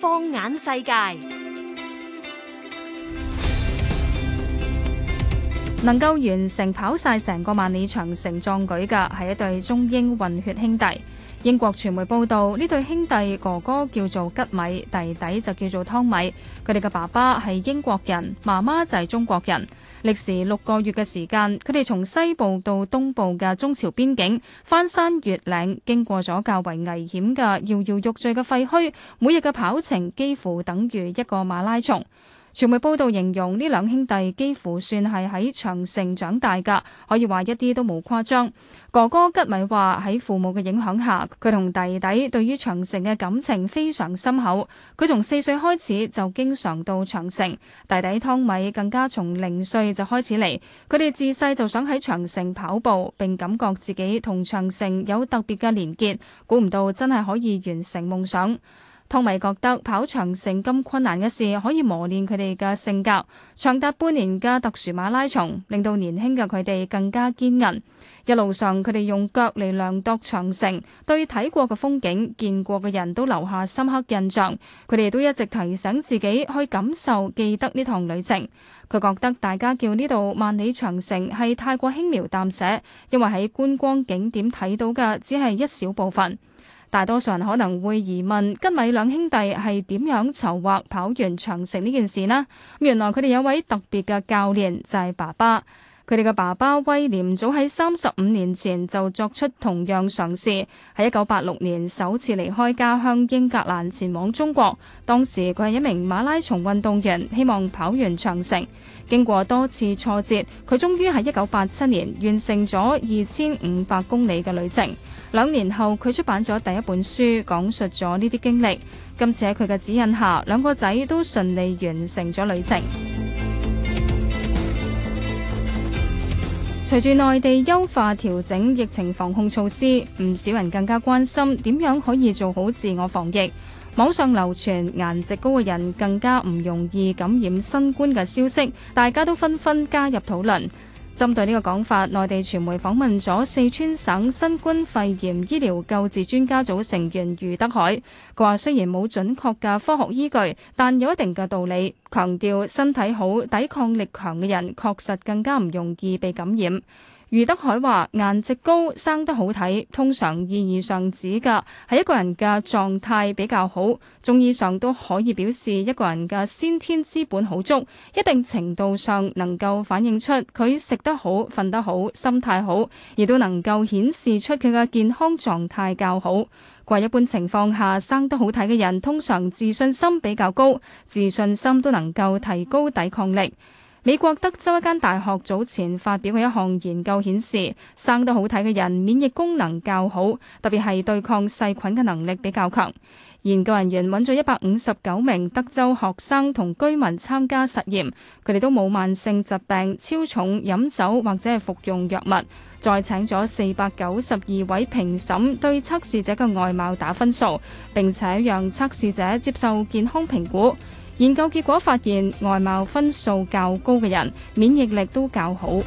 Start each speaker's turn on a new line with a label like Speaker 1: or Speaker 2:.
Speaker 1: 放眼世界，能夠完成跑晒成個萬里長城壯舉嘅，係一對中英混血兄弟。英國傳媒報道，呢對兄弟哥哥叫做吉米，弟弟就叫做湯米。佢哋嘅爸爸係英國人，媽媽就係中國人。歷時六個月嘅時間，佢哋從西部到東部嘅中朝邊境，翻山越嶺，經過咗較為危險嘅搖搖欲墜嘅廢墟，每日嘅跑程幾乎等於一個馬拉松。傳媒報道形容呢兩兄弟幾乎算係喺長城長大㗎，可以話一啲都冇誇張。哥哥吉米話喺父母嘅影響下，佢同弟弟對於長城嘅感情非常深厚。佢從四歲開始就經常到長城，弟弟湯米更加從零歲就開始嚟。佢哋自細就想喺長城跑步，並感覺自己同長城有特別嘅連結。估唔到真係可以完成夢想。湯米覺得跑長城咁困難嘅事可以磨練佢哋嘅性格，長達半年嘅特殊馬拉松令到年輕嘅佢哋更加堅韌。一路上佢哋用腳嚟量度長城，對睇過嘅風景、見過嘅人都留下深刻印象。佢哋都一直提醒自己去感受、記得呢趟旅程。佢覺得大家叫呢度萬里長城係太過輕描淡寫，因為喺觀光景點睇到嘅只係一小部分。大多數人可能會疑問，吉米兩兄弟係點樣籌劃跑完長城呢件事呢？原來佢哋有位特別嘅教練，就係爸爸。佢哋嘅爸爸威廉早喺三十五年前就作出同樣嘗試，喺一九八六年首次離開家鄉英格蘭前往中國。當時佢係一名馬拉松運動員，希望跑完長城。經過多次挫折，佢終於喺一九八七年完成咗二千五百公里嘅旅程。兩年後，佢出版咗第一本書，講述咗呢啲經歷。今次喺佢嘅指引下，兩個仔都順利完成咗旅程。隨住內地優化調整疫情防控措施，唔少人更加關心點樣可以做好自我防疫。網上流傳顏值高嘅人更加唔容易感染新冠嘅消息，大家都紛紛加入討論。針對呢個講法，內地傳媒訪問咗四川省新冠肺炎醫療救治專家組成員余德海，佢話雖然冇準確嘅科學依據，但有一定嘅道理，強調身體好、抵抗力強嘅人確實更加唔容易被感染。余德海話：顏值高、生得好睇，通常意義上指嘅係一個人嘅狀態比較好，中醫上都可以表示一個人嘅先天資本好足，一定程度上能夠反映出佢食得好、瞓得好、心態好，亦都能夠顯示出佢嘅健康狀態較好。佢一般情況下生得好睇嘅人，通常自信心比較高，自信心都能夠提高抵抗力。美國德州一間大學早前發表嘅一項研究顯示，生得好睇嘅人免疫功能較好，特別係對抗細菌嘅能力比較強。研究人員揾咗一百五十九名德州學生同居民參加實驗，佢哋都冇慢性疾病、超重、飲酒或者係服用藥物。再請咗四百九十二位評審對測試者嘅外貌打分數，並且讓測試者接受健康評估。研究結果發現，外貌分數較高嘅人免疫力都較好。